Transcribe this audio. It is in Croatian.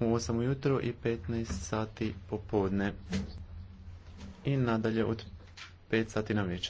u 8 ujutro i 15 sati popodne i nadalje od 5 sati na večer.